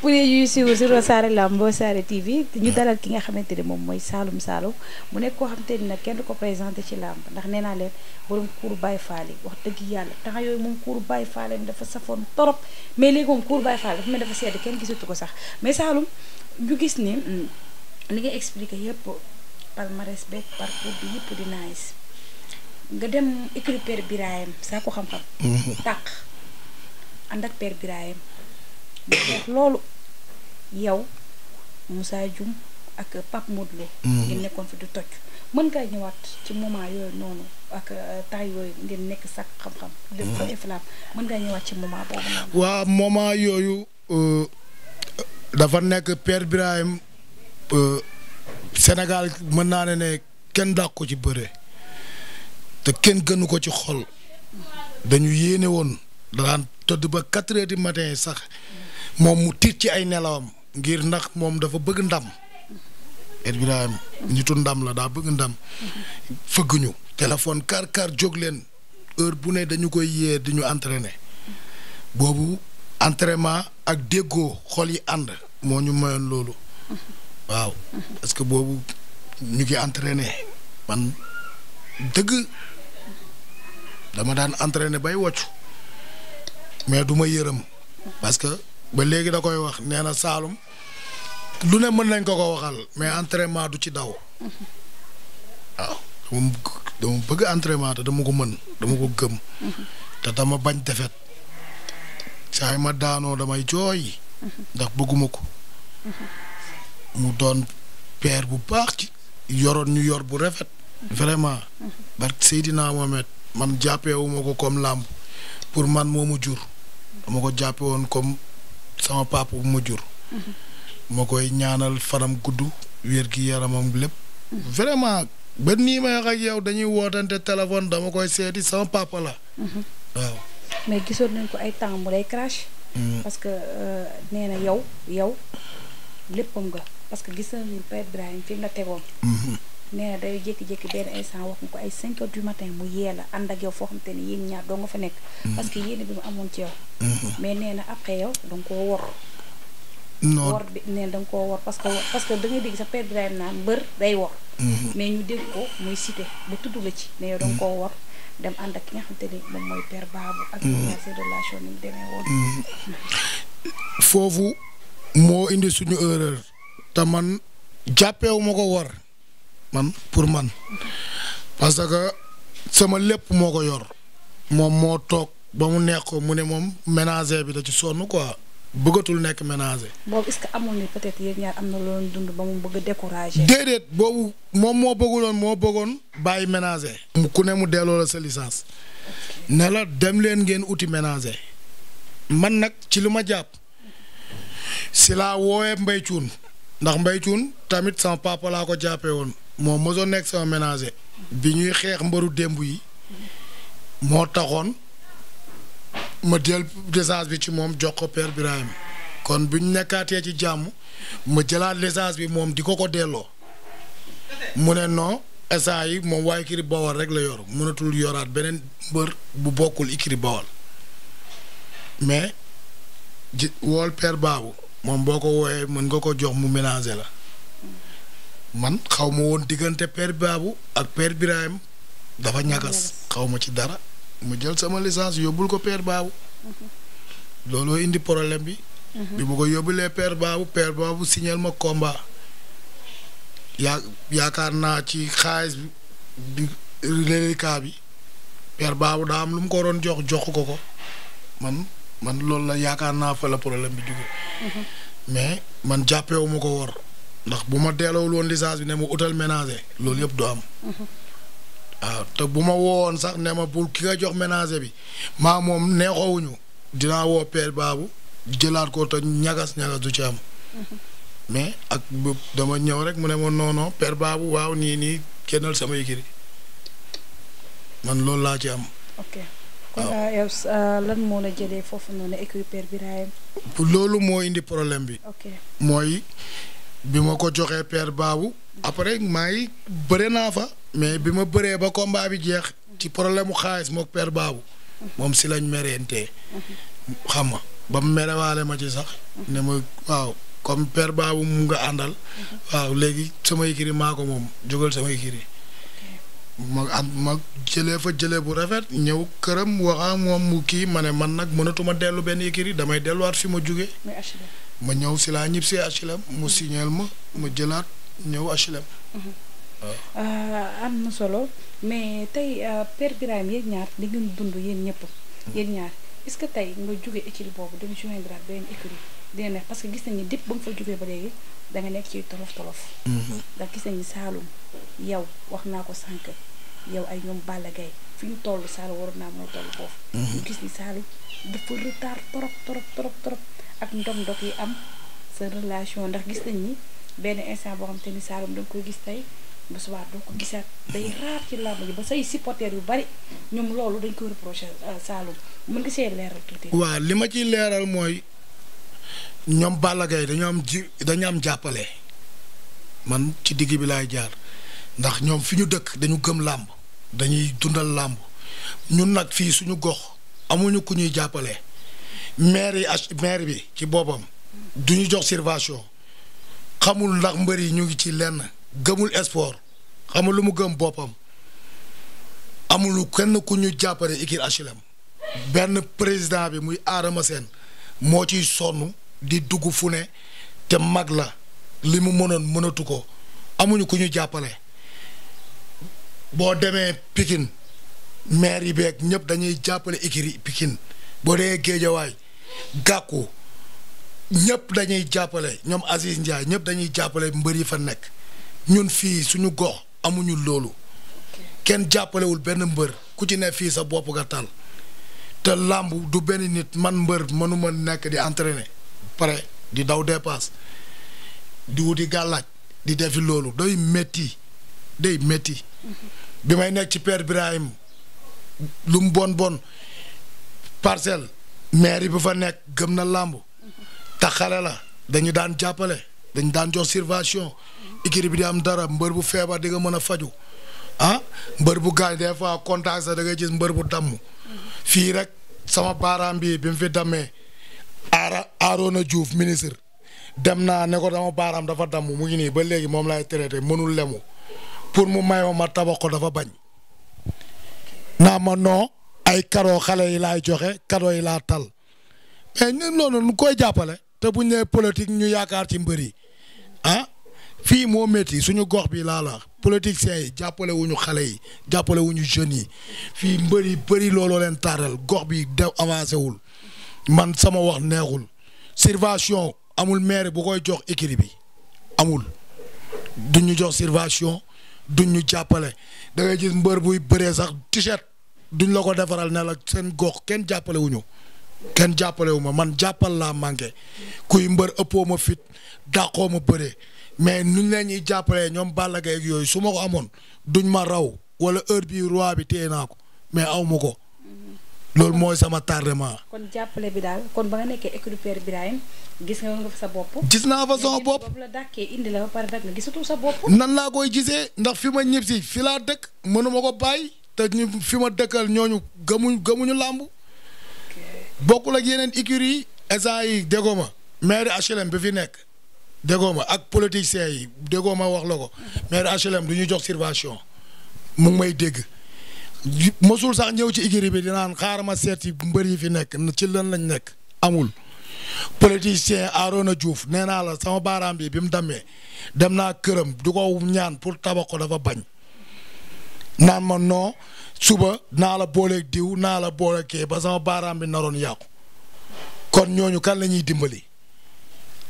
pour ñuy suivre sur Wassare Lamb Wassare TV ñu dalal ki nga xamante ne moom mooy saalum Saloum mu nekk koo xamante ni nag kenn ko présenté ci làmb ndax nee naa leen borom kuur Baye Fall yi wax dëgg yàlla temps yooyu moom kuur Baye Fall mi dafa safoon torop mais léegi moom kuur Baye Fall dafa mel dafa sedd kenn gisatu ko sax mais Saloum ñu gis ni li nga expliqué yëpp palmarès beeg parcours bi yëpp di nice nga dem écrit Père Birahim saa ko xam-xam. Mhm. tàq ànd ak loolu yow Moussa Dioum ak Pape Modou Lo mm. nekkoon fi di toj mën ngaa ñëwaat ci moment yooyu noonu ak euh, temps yooyu ngeen nekk sax xam-xam mm. mën ngaa ñëwaat ci moment boobu noonu waaw yooyu euh, dafa nekk Père Birahim euh, Sénégal mën naa ne ne kenn dàq ko ci bëre te kenn gënu ko ci xol mm. dañu yéene woon daan tëdd ba quatre heures du matin sax moom mu tiit ci ay nelawam ngir ndax moom dafa bëgg ndam et Birahim nitu ndam la daa bëgg ndam fëgguñu ñu téléphone kar kar jóg leen heure bu ne dañu koy yee di ñu entraîner boobu entraînement ak déggoo xol yi ànd moo ñu mayoon loolu waaw parce que boobu ñu ngi entraîner man dëgg dama daan entraîner bay wocc mais duma yërëm parce ba léegi da koy wax nee na Saalum lu ne mën nañ ko ko waxal mais entraînement du ci daw waaw dama bëgg entraînement te dama ko mën dama ko gëm te dama bañ defet saay ma daanoo damay jooy ndax bëgguma ko mu doon père bu baax ci yoroon ñu yor bu rafet vraiment barke Seydina Mohamed man jàppewuma ko comme làmb pour man moomu jur dama ko jàppe woon comme sama papa bu ma jur. Mhm. ma koy ñaanal fanam gudd wér gi yaramam lépp. Mhm. vraiment ba nii may wax ak yow dañuy wootante téléphone dama koy seeti sama papa la. Mhm. waaw. mais gisoon nañ ko ay temps mu lay crash. Mm. parce que euh, nee na yow yow léppam nga parce que gis nañu Père Ibrahima fi nga tegoon. nee day jékki-jékki benn instant wax nga ko ay 5 heures du matin mu yee la ànd ak yow foo xam ni yéen ñaar doo nga fa nekk. Mm-hmm. parce que yéen bi mu amoon ci yow. Mm-hmm. mais nee na après yow da nga koo wor. wor bi nee na da koo wor parce que parce que da ngay dégg sa père naan mbër day wor. Mm-hmm. mais ñu dégg ko muy cité ba tudd la ci. ne yow da nga koo wor dem ànd ak ki nga xam te ni moom mooy père Babou. ak seen relation ni mu demee woon. foofu moo indi suñu erreur te man jàppeewu ko war. man pour man parce que sama lépp moo ko yor moom moo toog ba mu neex ko mu ne moom ménager bi da ci sonn quoi bëggatul nekk ménager. boobu que amul am na loolu dund déedéet boobu moom moo bëgguloon moo bëggoon bàyyi ménager. ku ne mu delloo la sa licence. ne dem leen ngeen uti ménager. man nag ci lu ma jàpp si laa woowee Mbaye Thioune ndax Mbaye Thioune tamit sama papa laa ko jàppe woon. moom mosoo nekk sama ménager bi ñuy xeex mbaru démb yi moo taxoon ma jël licence bi ci moom jox ko père Birahim kon bu ñu nekkaatee ci jàmm ma jëlaat licence bi moom di ko ko delloo mu ne noo essence yi moom waaye Ikiri Bawol rek la yor mënatul yoraat beneen mbër bu bokkul Ikiri Bawol mais ji wool père Babou moom boo ko wooyee mën nga ko jox mu ménager la. man xaw ma woon diggante père Babou ak père Birahim dafa ñagas xaw ma ci dara mu jël sama licence yóbbul ko père Babou looloo indi problème bi. Mhm. bi ma ko yóbbulee père Babou père Babou signal ma komba yaa yaakaar naa ci xaalis bi di reliquat bi père baabu daa am lu mu ko doon jox jox ko ko man man loolu la yaakaar naa fa la bi jóge mhm. mais man jàppewuma ko wor ndax bu ma delloowul woon licence bi ne mu utal ménager loolu yëpp du am. waaw te bu ma woowoon sax ne ma pour ki nga jox ménager bi maa moom neexoowuñu dinaa woo père baabu jëlaat ko te ñagas ñagas du ci am. mais ak dama ñëw rek mu ne ma noonu non baabu waaw nii nii kennal sama yëkkëri man loolu laa ci am. Euh, euh, loolu moo indi problème bi. mooy. bi ma ko joxee père baabu après maa ngi bëre naa fa mais bi ma bëree ba combat bi jeex ci problème mu xaalis mook père baabu moom si lañ merentee xam nga ba mu merewaale ma ci sax ne ma waaw comme père baabu mu nga àndal waaw léegi sama yikiri maa ko moom jógal sama yikiri ma am ma jëlee fa jëlee bu rafet ñëw këram waxaa moom mu kii ma ne man nag mënatuma dellu benn yikiri damay delluwaat fi ma jóge ma ñëw si laa ñib si HLM mu signeel ma ma jëlaat ñëw HLM. Ah, am na solo mais tey ah, Père Birahim yéen ñaar di ngeen dund yéen ñëpp. yéen ñaar est-ce que tey nga jóge école boobu dem joindre ak beneen parce que gis nañu dip ba nga fa jógee ba léegi da nga nekk ci tolof tolof. Mhm. ndax gis nañu Saalum yow wax naa ko sànq yow ay ñoom Balla gay fi ñu toll Saalum waroon naa moo toll foofu. ñu mhm. gis ni Saalum dafa retard trop trop trop ak ndog ndox yi am sa relation ndax gis nañ ni benn instant boo xam te ni Saloum da koy gis tey bu subaa doo ko gisaat day raar ci làmb ji ba say supporters yu bari ñoom loolu dañ koy reproché euh, Saloum mën nga see leeral tuuti. waaw li ma ciy leeral mooy ñoom Balla Gaye dañoo am ji dañu am jàppale man ci digg bi laay jaar ndax ñoom fi ñu dëkk dañu gëm làmb dañuy dundal làmb ñun nag fii suñu gox amuñu ku ñuy jàppale. maire yi ak bi ci boppam du ñu jox servation xamul ndax mbër yi ñu ngi ci lenn gëmul sport xamul lu mu gëm boppam amul kenn ku ñu jàppale ikir HLM benn président bi muy Adama Sène moo ciy sonn di dugg fu ne te mag la li mu mënoon mënatu ko amuñu ku ñu jàppale boo demee Pikine maire yi beeg ñëpp dañuy jàppale ikiri Pikine boo dee Géejawaay Gakou ñëpp dañuy jàppale ñoom Aziz Ndiaye ñëpp dañuy jàppale mbër yi fa nekk ñun fii suñu gox amuñu loolu kenn jàppalewul benn mbër ku ci ne fii sa bopp nga tal te làmb du benn nit man mbër mënuma nekk di entraîner pare di daw dépasse di wuti gàllaaj di defi loolu day métti day metti bi may nekk ci Père Birahim lu mu bon bon parcelle maire bi fa nekk gëm na làmb taxale la dañu daan jàppale dañu daan jox subvention ikiri bi di am dara mbër bu feebar di nga mën a faju ah mbër bu gaañ des fois contact sax da ngay gis mbër bu damm fii rek sama baaraam bi bi mu fi damee dammee aara Arona Diouf ministre dem naa ne ko dama baaraam dafa damm mu ngi nii ba léegi moom laay traité mënul lemu pour mu may ma ma tabax ko dafa bañ naa ma non ay kado xale yi laay joxe kado yi laa tal mais ñun nu koy jàppale te buñ nee politique ñu yaakaar ci mbër yi ah fii moo métti suñu gox bi laa la politiciens yi jàppale ñu xale yi jàppale ñu jeunes yi fii mbër yi bëri looloo leen taaral gox bi de avancé wul man sama wax neexul subvention amul maire bu koy jox équipe bi amul duñ ñu jox subvention duñ ñu jàppale da ngay mbër buy bëree sax t-shirt duñ la ko defaral ne la seen gox kenn jàppalewuñu kenn jàppale ma man jàppal laa manqué kuy mbër ëppoo ma fit dàqoo ma bëree mais nuñ la ñuy jàppalee ñoom Balla ak yooyu su ma ko amoon duñ ma raw wala heure bii roi bi téye naa ko mais aw ko. loolu mooy sama tardement. kon jàppale bi daal kon ba nga nekkee écurie Père Birahim gis sa bopp. gis naa fa sama bopp la dàkkee indi la ba pare nag gisatu sa bopp. nan laa koy gisee ndax fi ma ñëpp si fi laa dëkk mënuma ko bàyyi. te ñu fi ma dëkkal ñooñu gëmuñ gëmuñu làmb bokkul ak yeneen écurie yi esa yi déggoo ma maire HLM bi fi nekk déggoo ma ak politiciens yi déggoo ma wax la ko maire HLM du ñu jox subvention mu ngi may dégg mosul sax ñëw ci écurie bi dinaan xaaral ma seet yi mbër yi fi nekk ci lan lañ nekk amul politicien Arona Diouf nee naa la sama baaraam bi bi mu demee dem naa këram du ko ñaan pour tabax ko dafa bañ naan ma noo suba naa la booleeg diw naa la booleeg kee ba sama baaraam bi naroon yàqu kon ñooñu kan la ñuy dimbali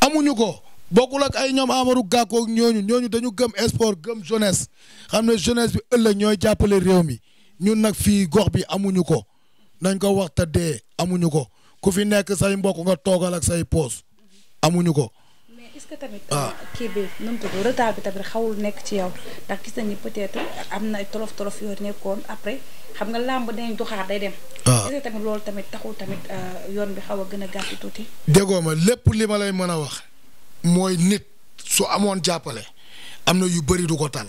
amuñu ko bokkul ak ay ñoom amaru Gàkkoog ñooñu ñooñu dañu gëm sport gëm jeunesse xam na jeunesse bi ëllëg ñooy jàppale réew mi ñun nag fii gox bi amuñu ko nañ ko wax te dee amuñu ko ku fi nekk say mbokku nga toogal ak say poos amuñu ko. tamit. Ah. Euh, kii bi nu mu tudd bi tamit xawul nekk ci yow ndax gis nañu peut am na tolof tolof yoo nekkoon après xam nga làmb dinañ doxaar day dem. waaw ah. tamit loolu tamit taxul tamit euh, yoon bi xaw a gën a gàtt tuuti. déggoo ma lépp li ma lay mën a wax mooy nit su amoon jàppale am na yu bari du ko tal.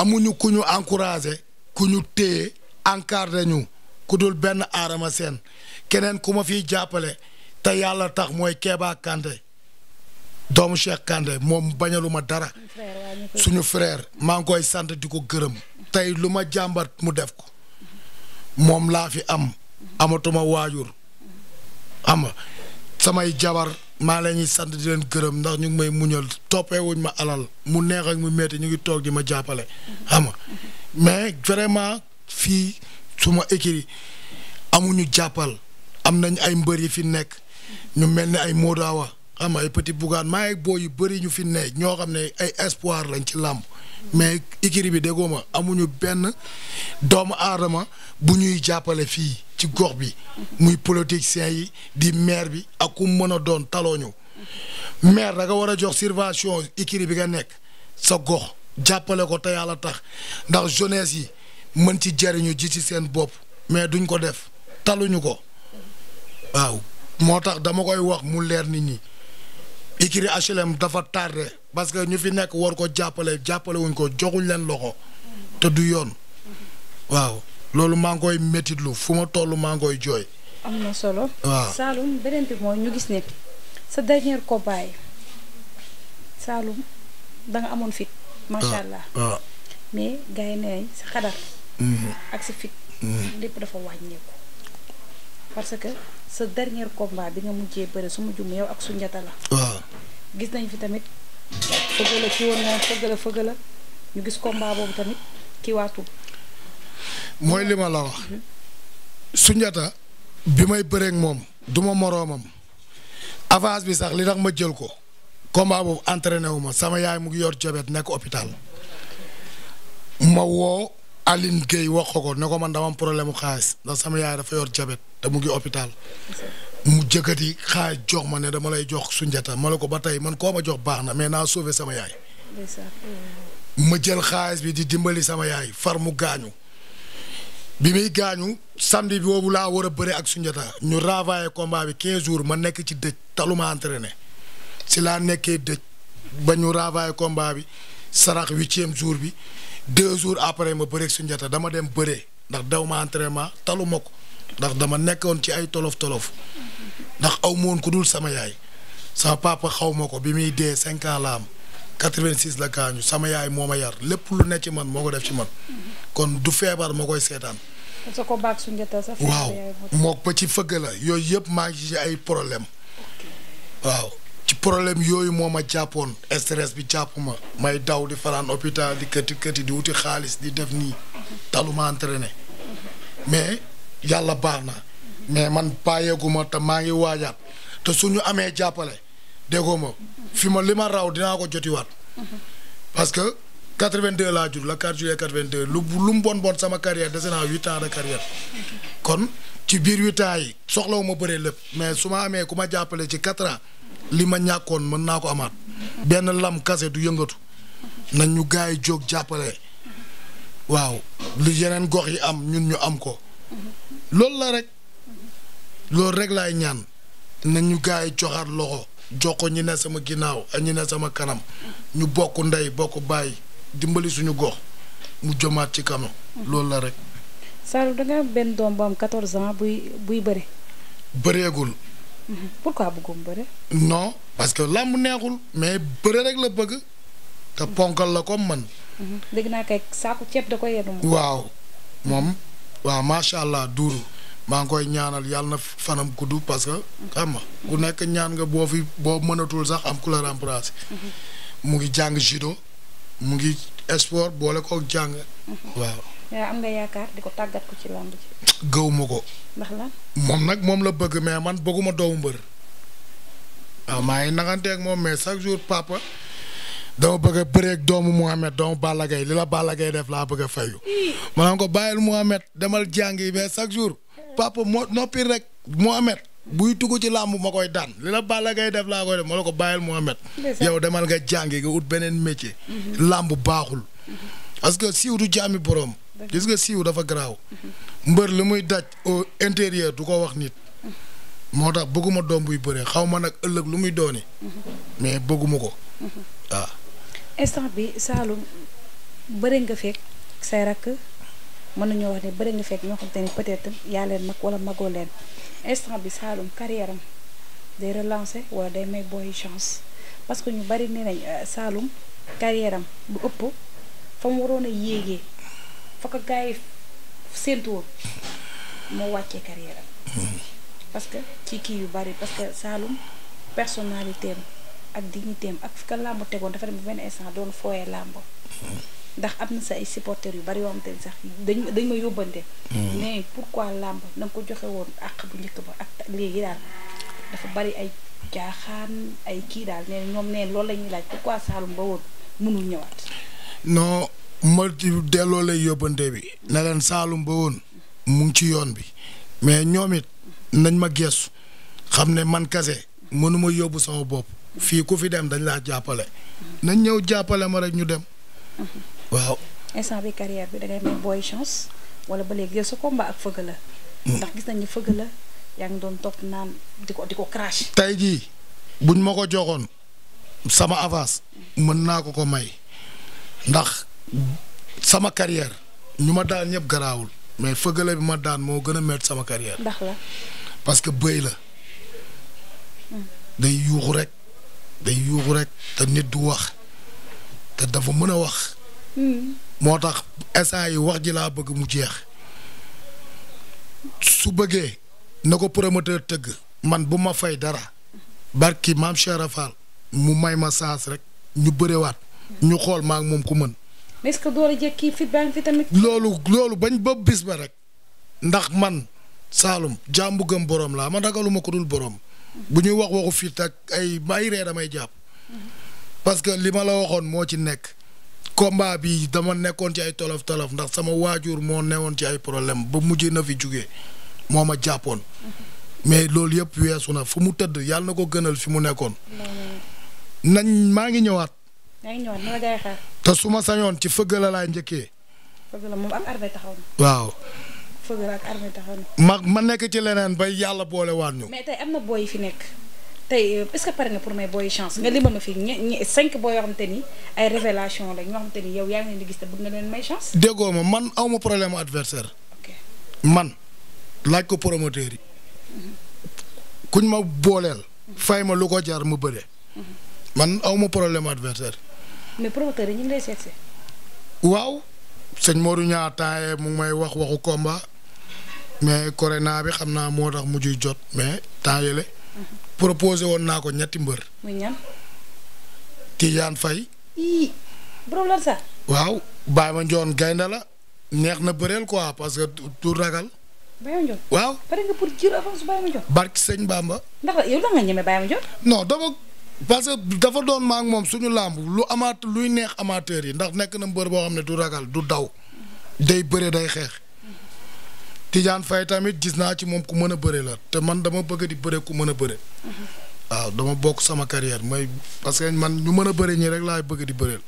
amuñu ku ñu encouragé ku ñu téye encadré ñu ku dul benn aarama seen keneen ku ma fiy jàppale te yàlla tax mooy Kéba Kanté doomu Cheikh Kanté moom bañaluma dara suñu frère maa ngi koy sant di ko gërëm tey lu ma jàmbat mu def ko moom laa fi am amatuma waajur am samay jabar maa lañuy sant di leen gërëm ndax ñu may muñal toppee wuñ ma alal mu neex ak mu metti ñu ngi toog di ma jàppale xam mais vraiment fii su ma écrit amuñu jàppal am nañ ay mbër yi fi nekk ñu mel ni ay Modawa xam ay petit Bougane maa ngi boo yu bëri ñu fi ne ñoo xam ne ay espoir lañ ci làmb mais écurie bi déggoo ma amuñu benn doomu aadama bu ñuy jàppale fii ci gox bi muy politiciens yi di maire bi ak ku mën a doon talooñu maire da nga war a jox subvention écurie bi nga nekk sa gox jàppale ko te yàlla tax ndax jeunesse yi mën ci jariñu ji ci seen bopp mais duñ ko def taluñu ko waaw moo tax dama koy wax mu leer nit ñi ikiri HLM dafa tardé parce que ñu fi nekk war ko jàppale jàppale wuñ ko joxuñ leen loxo te du yoon waaw loolu maa ngi koy métitlu fu ma toll maa jooy. am na solo. waaw Saloum beneen bi mooy ñu gis ne sa dernier combat Saloum nga amoon fit. macha ah, allah ah. mais gars yi nee mhm. ak sa fit. Mhm. lépp dafa wàññeeku parce sa dernier combat bi nga mujjee bëre su ma jumee yow ak su njata la. waaw gis nañ fi tamit fëgala ci woon na fëgala fëgala ñu gis combat boobu tamit ki waatul. mooy li ma la wax. Mhm. su bi may bëreeg moom duma ma moroomam avance bi sax li tax ma jël ko. combat boobu entraîné wu ma sama yaay mu ngi yor jabet nekk hôpital ma woo Aline Gueye wax ko ne ko man dama problème mu xaalis ndax sama yaay dafa yor jabet te mu ngi hôpital mu jëkkati xaalis jox ma ne dama lay jox sunjata ma ne ko ba tey man koo ma jox baax na mais naa sauver sama yaay. ma jël xaalis bi di dimbali sama yaay far mu gaañu bi muy gaañu samedi boobu laa war a bëre ak sunjata ñu ravaillé combat bi 15 jours ma nekk ci dëj taluma entraîné si laa nekkee dëj ba ñu ravaillé combat bi sarax huitième jour bi. deux jours après ma bëreeg Sunjata dama dem bëree ndax daw ma entraînement talu ma ko ndax dama nekkoon ci ay tolof tolof ndax aw moon ku dul sama yaay sama papa xaw ma ko bi muy dee cinquant la am 86 la gaañu sama yaay moo ma yar lépp lu nekk ci man moo ko def ci man kon du feebar ma koy seetaan. sa combat ak Sunjata sa. waaw mook ba ci fëgg la yooyu yëpp maa ngi ci ay problème waaw. ci problème yooyu moo ma jàppoon stress bi jàpp ma may daw di faraan hôpital di këti këti di wuti xaalis di def nii taluma entraîné mais yàlla baax na mais man bàyyeeguma te maa ngi waajaat te su ñu amee jàppale déggoo ma fi ma li ma raw dinaa ko jotiwaat parce que 82 laa jur la 4 juillet 82 lu lu mu bon bon sama carrière dese naa huit ans de carrière kon ci biir huit ans yi soxla soxlawu ma bëree lépp mais su ma amee ku ma jàppale ci quatre ans li ma ñàkkoon mën naa ko amaat benn lam kase du yëngatu nañ ñu gars yi jóg jàppale waaw lu yeneen gox yi am ñun ñu am ko loolu la rek loolu rek lay ñaan na ñu gars yi joxaat loxo jox ko ñi ne sama ginnaaw ak ñi ne sama kanam ñu bokk ndey bokk bàyyi dimbali suñu gox mu jëmaat ci kanam loolu la rek. Saalum da nga benn doom bu am buy buy bëri. pourquoi bëggoon bëre. no parce que làmb neexul mais bëre rek la bëgg. te ponkal la comme man. Mhm. dégg naa kay saako ceeb da waaw moom waaw macha allah duuru maa ngi koy ñaanal yàlla na fanam gudd parce que xam ku nekk ñaan nga boo fi boo mënatul sax am ku la mhm. mu ngi jàng judo mu ngi sport boole kook jàng. Mhm. waaw. yaa am nga ko tàggat gëw ma ko. moom nag moom la bëgg mais man bëgguma doomu mbër. waaw ah, maa ngi naxanteeg moom mais chaque jour papa dama bëgg a doomu Mouhamed doomu Balla Gaye li la Balla Gaye def laa bëgg a fayu. maanaam ko bàyyil Mouhamed demal jàngi mais chaque jour papa noppi rek Mouhamed. buy tugg ci làmb ma koy daan li la Balla def laa koy ma la ko bàyyil Mouhamed. yow demal nga jàngi nga ut beneen métier. Mhm. làmb baaxul. Mhm. parce que siiw du jaami boroom. gis nga siiw dafa garaaw. mbër li muy daj au intérieur du ko wax nit. moo tax bëgguma doom buy bëree xaw ma nag ëllëg lu muy dooni mais bëgguma ko. waaw. instant bi Saloum bëri nga fekk say rakk mën nañoo wax ne bëri nga fekk ñoo xam te ni peut-être yaa leen mag wala magoo leen instant bi saalum carrière am day relancer wala day may booy chance parce que ñu bëri ne nañ euh, Saloum carrière am bu ëpp fa mu waroon yéegee. fa ko moo wàccee carrière am parce que ci kii yu bari parce que Saalum personnalité am ak dignité am ak fi ko làmb tegoon dafa dem ba benn instant doon fooyee làmb ndax am na sa ay supporters yu bari yoo xam te sax dañ dañ ma yóbbante mm. mais pourquoi làmb na nga ko joxe woon àq bu njëkk ba ak léegi daal dafa bari ay jaaxaan ay kii daal nee ñoom nee loolu lañuy laaj pourquoi Saalum ba woon mënul ñëwaat ma delloo lay yóbbante bi ne leen Saalum ba woon mu ngi ci yoon bi mais ñoom it nañ ma gestu xam ne man kase mënuma yóbbu sama bopp fii ku fi dem dañ laa jàppale nañ ñëw jàppale ma rek ñu dem waaw instant bi carrière bi da may booy chance wala ba léegi sa combat ak fëgg la mm. ndax gis nañ ni fëgg la yaa ngi doon topp naan di ko di ko crash tey jii buñ ma ko joxoon sama avance mën naa ko ko may ndax sama carrière ñu ma daan ñëpp garaawul mais fëggale bi ma daan moo gën a métti sama carrière. parce que bëy la. day yuuxu rek day yuuxu rek te nit du wax te dafa mën a wax. Hmm. moo tax instant yi wax ji laa bëgg mu jeex su bëggee na ko promoteur tëgg man bu ma fay dara barki maam Cheikh Rafal mu may ma saas rek ñu bërewaat ñu xool maa moom ku mën est-ce que door a jekki fit loolu loolu bañ ba bis ba rek ndax man Saalum jàmbu gëm borom laa man ragaluma ko dul borom. bu ñuy wax waxu fit ak ay may ree damay jàpp. parce que li ma la waxoon moo ci nekk. combat bi dama nekkoon ci ay tolof tolof ndax sama waajur moo newoon ci ay problème ba mujj na fi jugee moo ma jàppoon. mais loolu yëpp weesu na fu mu tëdd yàlla na ko gënal fi mu nekkoon. nañ maa ngi ñëwaat. day ñëw dina la jaay te su ma sañoon ci fëgg la laay njëkkee. fëgg la moom ak armée taxaw waaw. fëgg la ak armée ma ma nekk ci leneen bay yàlla boole waat ñu. mais tey am na booy yi fi nekk tey euh, est-ce que pare nga pour may booy chance nga limal ma fi ñe ñe booy yoo xamante ni ay révélation lañ ñoo xamante ni yow yaa ngi leen di gis te bëgg nga leen may chance. déggoo ma man aw ma problème adversaire. man laaj ko promoteur yi. Mhm. kuñ ma booleel. Mhm. fay ma lu ko jar mu bëre. Mhm. man aw ma problème adversaire. mais promoteur yi ñu ngi lay seet si. waaw sëñ Modou ñaar temps mu may wax waxu combat mais corona bi xam naa moo tax mujjuy jot mais temps yële. proposé woon naa ko ñetti mbër. muy waaw Baye ma Ndione gaynde la neex na bëreel ko quoi parce que tu ragal. Baye waaw pare nga pour jël avance Baye yow da nga ñeme Baye ma Ndione. non dama. parce que dafa doon maak moom suñu làmb lu amaat luy neex amateur yi ndax nekk na mbër boo xam ne du ragal du daw day bëre day xeex Tidiane fay tamit gis naa ci moom ku mën a bëre la te man dama bëgg di bëre ku mën a bëre waaw dama bokk sama carrière mooy parce que man ñu mën a bëre ñi rek laay bëgg di bëreel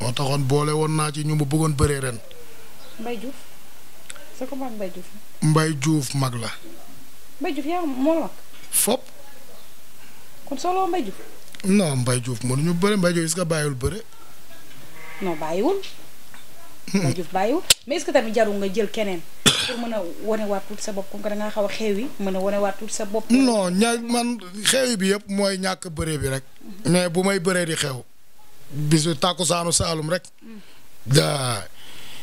moo taxoon boole woon naa ci ñu ma bëggoon bëree ren mbay juuf sa ko mag la Mbaye fop kon solo Mbaye Diouf. non Mbaye Diouf mënuñu bëre Mbaye Diouf est-ce que bàyyiwul bëre. non bàyyiwul. Mbaye Diouf bàyyiwul mais est tamit jarul nga jël keneen. pour mën a wanewaat tuuti sa bopp comme que xaw a xeew yi mën a wanewaat tuuti sa bopp. non ña man xeew bi yëpp mooy ñàkk bëree bi rek. Mhm. mais bu may bëree di xew. bisu tàkkusaanu Saalum rek. Mhm. daa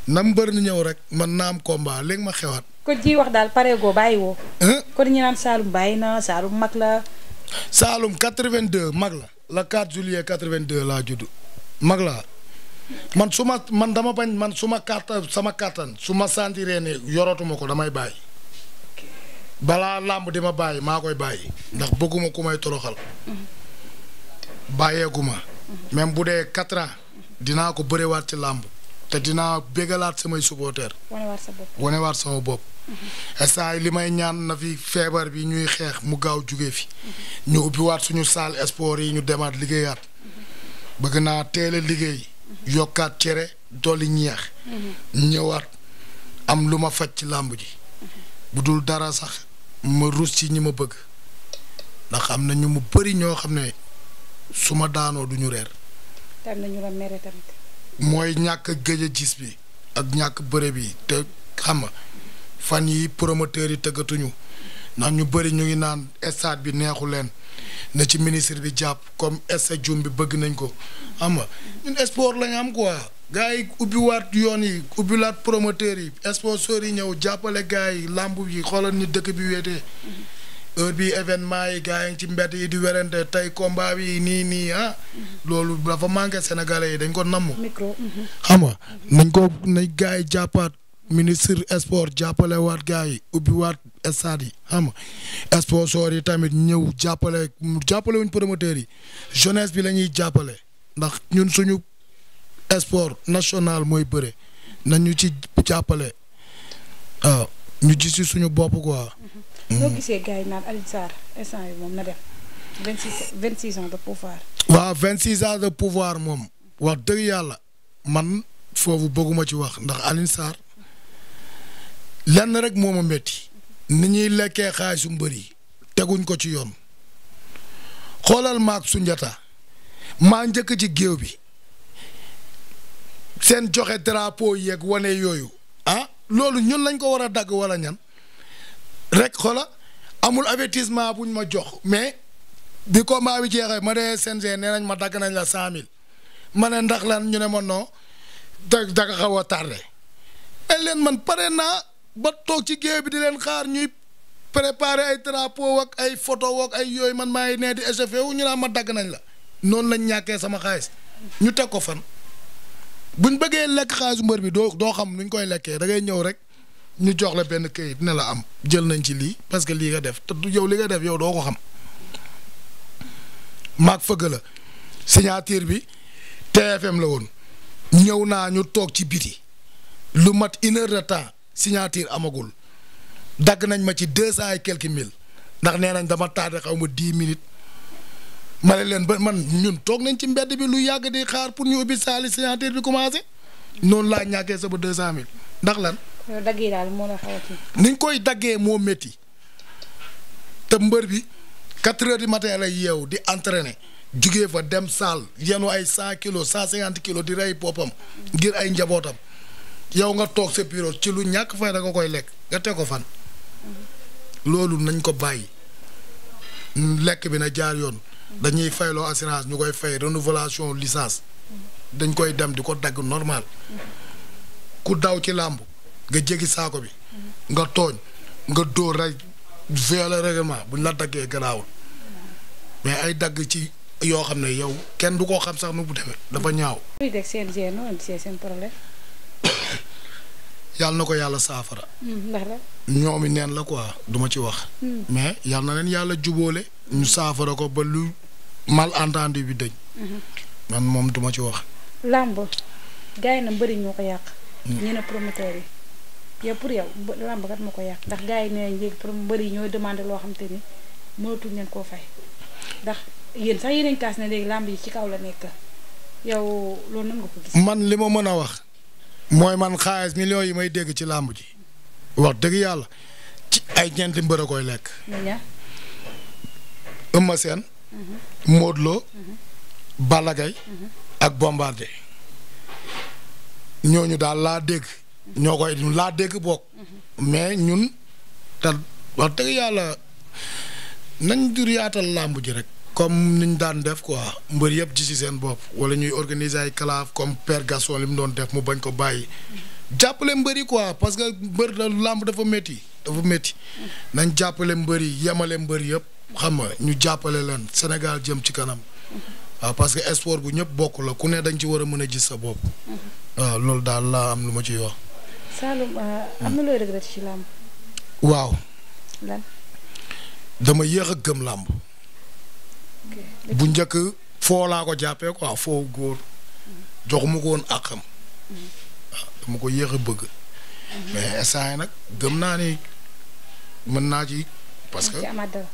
nam na ñëw rek man naam combat léegi ma xewaat. kon ji wax daal pareegoo bàyyiwoo. kon ñi naan Saalum bàyyi na Saalum mag la. Saalum 82 mag la la 4 juillet 82 laa judd mag laa man suma man dama bañ man suma ma kàttan sama kàttan su ma sentiree ne yorotuma ko damay bàyyi balaa làmb di ma bàyyi maa koy bàyyi ndax bëgguma ku may toroxal bàyyeeku ma même bu dee 4 ans dinaa ko bërewaat ci làmb te dinaa bégalaat samay supporteurs. wanewaat sa bopp wanewaat sama bopp. Mhm. instant li may ñaan na fi feebar bi ñuy xeex mu gaaw jóge fi. Mhm. ñu ubbiwaat suñu salle sport yi ñu demaat liggéeyaat. Mhm. bëgg naa teele a liggéey. yokkaat cere dolli ñeex. ñëwaat am lu ma faj ci làmb ji. bu dul dara sax ma rus ci ñi ma bëgg ndax am na ñu mu bari ñoo xam ne su ma daanoo duñu reer. mooy ñàkk géej a gis bi ak ñàkk bërëb yi te xam nga fan yi promoteurs yi tëggatuñu ndax ñu bëri ñu ngi naan stade bi neexu leen na ci ministre bi jàpp comme stade jum bi bëgg nañ ko xam nga ñun sport lañ am quoi gars yi ubbiwaat yoon yi ubbiwaat promoteurs yi sponsors yi ñëw jàppale gars yi làmb yi xoolal ni dëkk bi weetee heure bi événement yi gaa yi ngi ci mbedd yi di werante tey combat bi nii nii ah. loolu dafa manqué Sénégalais yi dañ ko nam micro. Mhm. xam nga nañ ko nañ gars yi jàppaat ministre sport jàppale waat gars yi ubbi waat stade yi xam nga sponsor yi tamit ñëw jàppale jàppale wuñ promoteurs yi jeunesse bi lañuy jàppale ndax ñun suñu sport national mooy bëre nañu ci jàppale waaw ñu ji si suñu bopp quoi. Mm. soo gisee gars yi naan Alioune Sarr instant yi moom na dem vingt six vingt pouvoir. waaw vingt six ans de pouvoir moom wax dëgg yàlla man foofu bëgguma ci wax ndax Alioune Sarr lenn rek moom ma métti. ni ñuy lekkee xaalisu mbër yi teguñ ko ci yoon xoolal maak Sunjata maa njëkk ci géew bi seen joxe drapeau yeeg wane yooyu ah loolu ñun lañ ko war a dagg wala ñan. rek xoola amul avertissement buñ ma jox mais bi combat bi jeexee ma dee CNG nee nañ ma dagg nañ la cent mille ma ne ndax lan ñu ne ma noo da da nga xaw a tardé leen man pare naa ba toog ci géew bi di leen xaar ñuy préparer ay drapeau ak ay photo ak ay yooyu man maa ngi nee di échauffé wu ñu naan ma dagg nañ la noonu lañ ñàkkee sama xaalis ñu teg ko fan buñ bëggee lekk xaalisu mbër bi doo doo xam nuñ koy lekkee da ngay ñëw rek. ñu jox la benn kayit ne la am jël nañ ci lii parce que lii nga def te yow li nga def yow doo ko xam maag fëgg la signature bi TFM la woon ñëw naa ñu toog ci biti lu mat une de temps signature amagul dagg nañ ma ci deux cent et quelques mille ndax nee nañ dama tardé xaw ma dix minutes ma ne leen ba man ñun toog nañ ci mbedd bi lu yàgg di xaar pour ñu ubbi saali signature bi commencé noonu laa ñàkkee sama deux cent mille ndax lan. daggee daal moo niñ koy daggee moo métti te mbër bi quatre heures du matin lay yeew di entraîner jugee fa dem saal yenu ay cent kilos cent cinquante kilos di rey boppam ngir ay njabootam yow nga toog sa bureau ci lu ñàkk fay da nga koy lekk nga teg ko fan. loolu nañ ko bàyyi lekk bi na jaar yoon dañuy fayloo assurance ñu koy fay renouvelation licence dañ koy dem di ko dagg normal ku daw ci làmb nga jéggi saako bi nga tooñ nga dóor rek violer règlement buñ la daggee garaawul mais ay dagg ci yoo xam ne yow kenn du koo xam sax nu bu demee dafa ñaaw. yàlla na ko yàlla saafara. Hmm, ndax ñoomi neen la quoi duma ci wax. Hmm. mais yàlla na leen yàlla jubóole. ñu saafara ko ba lu malentendu bi dëñ. Hmm. man moom duma ci wax. yow pour yow làmb kat ma ko yàq ndax gars yi nee nañ léegi pour mbëri ñooy demande loo xam te ni mënatuñ leen koo fay ndax yéen sax yéen kaas na léegi làmb yi ci kaw la nekk yow loolu nan nga ko gis. man li ma mën a wax mooy man xaalis millions yi may dégg ci làmb ji wax dëgg yàlla ci ay ñeenti mbër koy lekk. Eumeu Sène. Mhm. Modou Lo. Mhm. Mhm. ak Bombardier ñooñu daal laa dégg. ñoo koy laa dégg bokk. mais ñun te wax dëgg yàlla nañ jur yaatal làmb ji rek. comme niñ daan def quoi mbër yëpp ci si seen bopp wala ñuy organiser ay calaf comme père Gaston li mu doon def mu bañ ko bàyyi. jàppale mbër yi quoi parce que mbër da làmb dafa métti dafa métti nañ jàppale mbër yi yemale mbër yëpp xam nga ñu jàppale leen Sénégal jëm ci kanam waaw parce que sport bu ñëpp bokk la ku ne dañ ci war a mën a gis sa bopp mm-hmm. waaw loolu daal laa am lu ma ciy wax. Ah, waaw. dama yéex a gëm làmb. bu njëkk foo laa ko jàppee quoi foo góor. joxuma ko woon àqam. waaw dama ko yéex a bëgg. mais instant nag gëm naa ni mën naa ci. parce que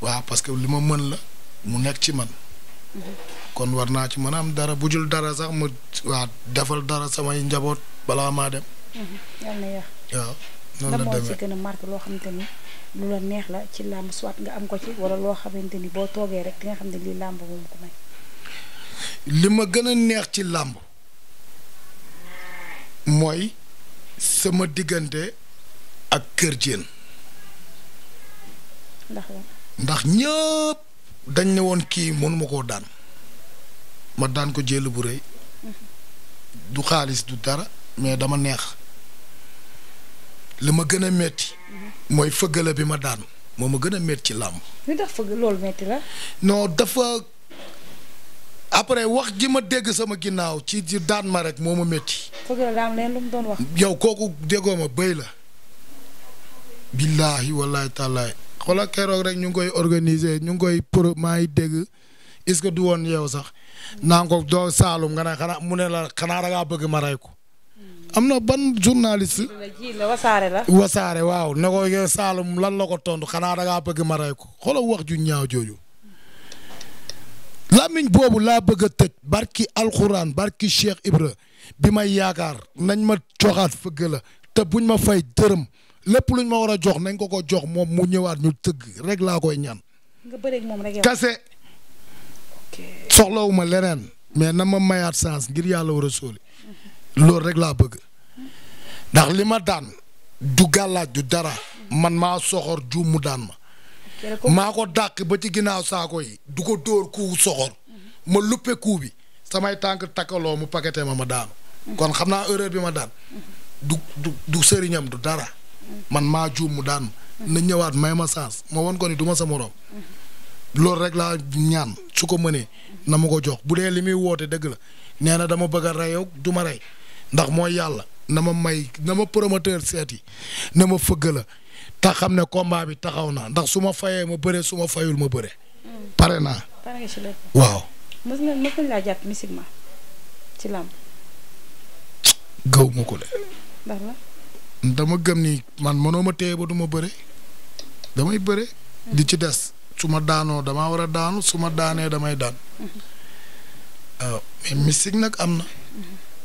waa parce que li ma mën la mu nekk ci man. kon war naa ci mën a am dara bu jul dara sax ma waa defal dara samay njaboot balaa maa dem. Mm-hmm. yàlla waaw noonu moo ci gën a marqué loo xamante ni lu la neex la ci làmb soit nga am ko ci wala loo xamante ni boo toogee rek di nga xam ne lii làmb moom ko may. li ma gën a neex ci làmb mooy sama diggante ak kër jéen. ndax ndax ñëpp dañ ne woon kii mënuma koo daan ma daan ko jël bu rëy. Mm-hmm. du xaalis du dara mais dama neex. li ma gën a metti mooy fëggala bi ma daan moo ma gën a metti ci làmb. li tax dafa après wax ji ma dégg sama ginnaaw ci ci daan ma rek moo ma metti. fëggala yow kooku déggoo ma béy la. billaahi wallaahi taalaa xoolal keroog rek ñu ngi koy organiser ñu ngi koy pro maa ngi dégg est-ce que du woon yow sax. naa ko doo Saalum nga ne xanaa mu ne la xanaa da ngaa bëgg ma rey ko. am na ban journaliste. wasaare wasaare waaw ne ko Saalum lan la ko tontu xanaa da bëgg ma rey ko xoolal wax ju ñaaw jooju. làmmiñ boobu laa bëgg a tëj barki alxuraan barki Cheikh Ibra bi may yaakaar nañ ma joxaat fëgg la te buñ ma fay dërëm lépp luñ ma war a jox nañ ko ko jox moom mu ñëwaat ñu tëgg rek laa koy ñaan. kase soxlawu ma leneen mais na ma mayaat chance ngir yàlla war a sóoli loolu rek laa bëgg ndax li ma daan du gàllaaj du dara man maa soxoor juum mu daan ma. maa ko dàq ba ci ginnaaw saako yi du ko dóor ku soxor ma luppe kuu bi samay tànk takkaloo mu pakete ma ma daanu. kon xam naa erreur bi ma daan du du sëriñam du dara man maa juum mu daan na ñëwaat may ma saas ma won ko ni du ma sa morom loolu rek laa ñaan su ko mënee na ma ko jox bu dee li muy woote dëgg la nee na dama bëgg a rey du ma rey. ndax mooy yàlla na ma may na ma promoteur seet yi na ma fëgg la te xam ne combat bi taxaw naa ndax su ma fayee ma bëre su ma fayul ma bëre. Mm. pare naa. waaw. mës nga ma dama gëm nii man mënoo ma téye ba du ma bëre damay bëre. di ci des su ma daanoo dama war a daanu su ma daanee damay daan. Mm-hmm. waaw mais musique nag am na.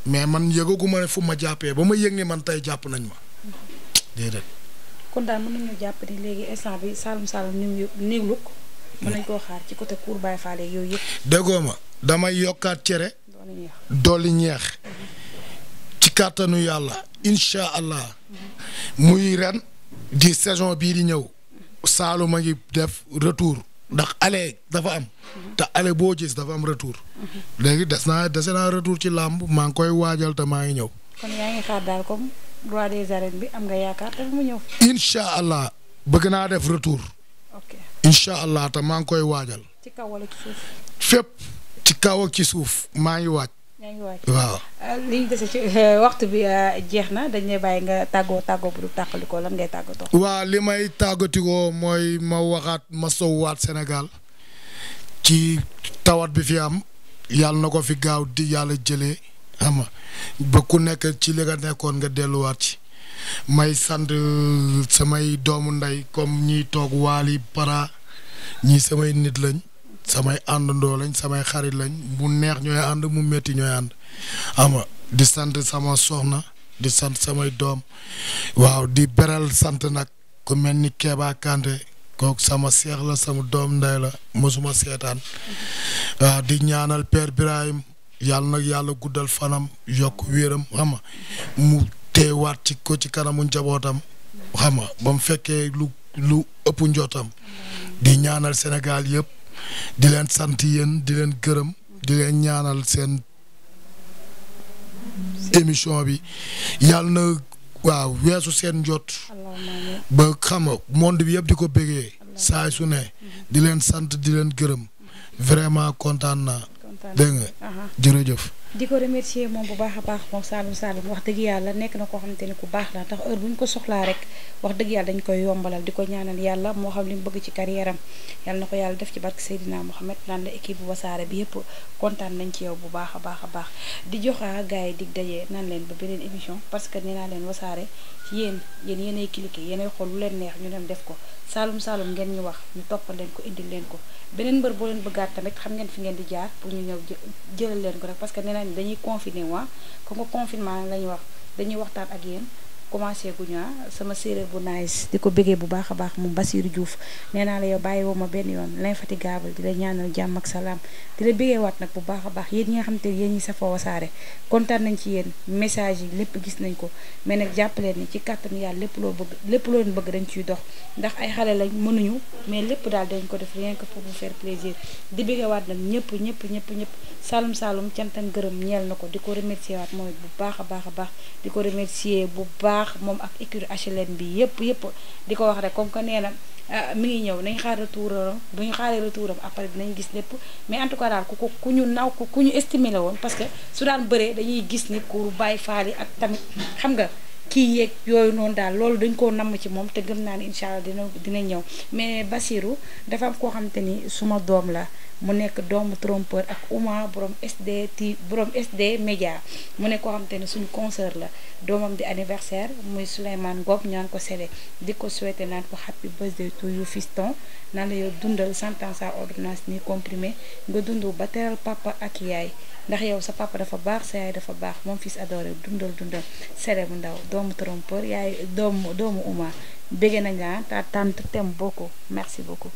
mais man yëgagu ne fu ma jàppee ba ma yëg ni man tey jàpp nañ ma déedéet. kon daal mën nañu jàpp ne léegi instant bi Saloum Saloum ni mu luk mën nañ koo xaar ci côté Cour Baye Fall yooyu yëpp. déggoo ma damay yokkaat cere. dolli ñeex ci kàttanu yàlla incha allah muy ren di saison bii di ñëw Saloum a ngi def retour. ndax ale dafa am. te ale boo gis dafa am retour. léegi des naa dese naa retour ci làmb maa ngi koy waajal te maa ngi ñëw. kon allah bëgg naa def retour. ok incha allah te maa ngi koy waajal. ci ci ci kaw ak ci suuf maa ngi waaj. waaw euh, li ñu dese ci euh, waxtu bi euh, jeex na dañ lay bàyyi nga tàggoo tàggoo bu du tàqalikoo lan ngay tàggatoo. waaw li may tàggatikoo mooy ma waxaat ma sowwaat Sénégal ci tawat bi fi am yàlla na ko fi gaaw di yàlla jële xam nga ba ku nekk ci li nga nekkoon nga delluwaat ci may sant samay doomu ndey comme ñiy toog waali para ñi samay nit lañ. samay àndandoo lañ samay xarit lañ mu neex ñooy ànd mu métti ñooy ànd xam di sant sama soxna di sant samay doom waaw di beral sant nag ku mel ni Keba Kanté kooku sama seex la sama doom ndey la mosuma seetaan waaw di ñaanal Père Birahim yàlla nag yàlla guddal fanam yokk wéeram xam nga mu teewaat ci ko ci kanamu njabootam xam nga ba mu fekkee lu ëpp njootam di ñaanal Sénégal yëpp. di leen sant yéen di leen gërëm di leen ñaanal seen émission bi yàlla na waaw weesu seen njot ba xam monde bi yëpp di ko bëggee saay su ne di leen sant di leen gërëm vraiment kontaan naa dégg jërëjëf di ko remercier moom bu baax a baax moom Saloum Saloum wax dëgg yàlla nekk na koo xamante ni ku baax la ndax heure bu ñu ko soxlaa rek wax dëgg yàlla dañ koy yombalal di ko ñaanal yàlla moo xam li mu bëgg ci carrière am yàlla na ko yàlla def ci barke Seydina Mohamed naan la équipe bu Wassare bi yëpp kontaan nañ ci yow bu baax a baax a baax di joxaa gars yi dig dajee naan leen ba beneen émission parce que nee naa leen Wassare yéen yéen yéenay cliqué yéenay xool lu leen neex ñu dem def ko Saloum Saloum ngeen ñu wax ñu toppal leen ko indil leen ko beneen mbër boo leen bëggaat tamit xam ngeen fi ngeen di jaar pour ñu ñëw jëlal dañuy confiné waa ah. comme que confinement lañuy wax dañuy waxtaan ak yéen commencé guñu ah, sama séeréer bu nice di ko bëggee bu baax a baax moom Basiirou Diouf nee naa la yow bàyyi woo ma benn yoon l'infatigable di la ñaanal jàmm ak salaam di la bëggee waat baax a baax yéen nga xam te yéen ñi safoo wasaare kontaan nañ yéen message yi lépp gis nañ ko mais nag jàppaleen ni ci kàttanu yàlla lépp loo bëgg lépp loo leen bëgg dañ ciy dox ndax ay xale lañ mënuñu mais lépp daal dañ ko def rien que pour vous faire plaisir di bëggee waat nag ñëpp ñëpp ñëpp ñëpp salum salum cantam gërëm ñeel na ko di ko remercier waat mooy bu baax a baax a baax di ko remercier bu baax baax moom ak écurie HLM bi yëpp yëpp di ko wax rek comme que nee na euh, mi ngi ñëw nañ xaar retouram bu ñu xaaree retouram après dinañ gis lépp mais en tout cas daal ku ko ku ñu naw ku ñu estimé la woon parce que su daan bëree dañuy gis ni ku bàyyi faali ak tamit xam nga kii yéeg yooyu noonu daal loolu dañ koo namm ci moom te gëm naa ni incha allah dina ñëw mais Basirou dafa am koo xamante ni suma doom la mu nekk doomu trompeur ak Ouma borom SD ti borom SD média mu nekk koo xamante ni suñu concert la doomam di anniversaire muy Souleymane Ngom ñaan ko sele di ko souhaité naan ko happy birthday to you fiston naan la dundal santan a ordonnance ni comprimé nga dund ba teral papa ak yaay ndax yow sa papa dafa baax sa yaay dafa baax moom fils adoré dundal dundal sere bu ndaw doomu trompeur yaay doomu doomu uma bégg nañ la ah, tant tem beaucoup merci beaucoup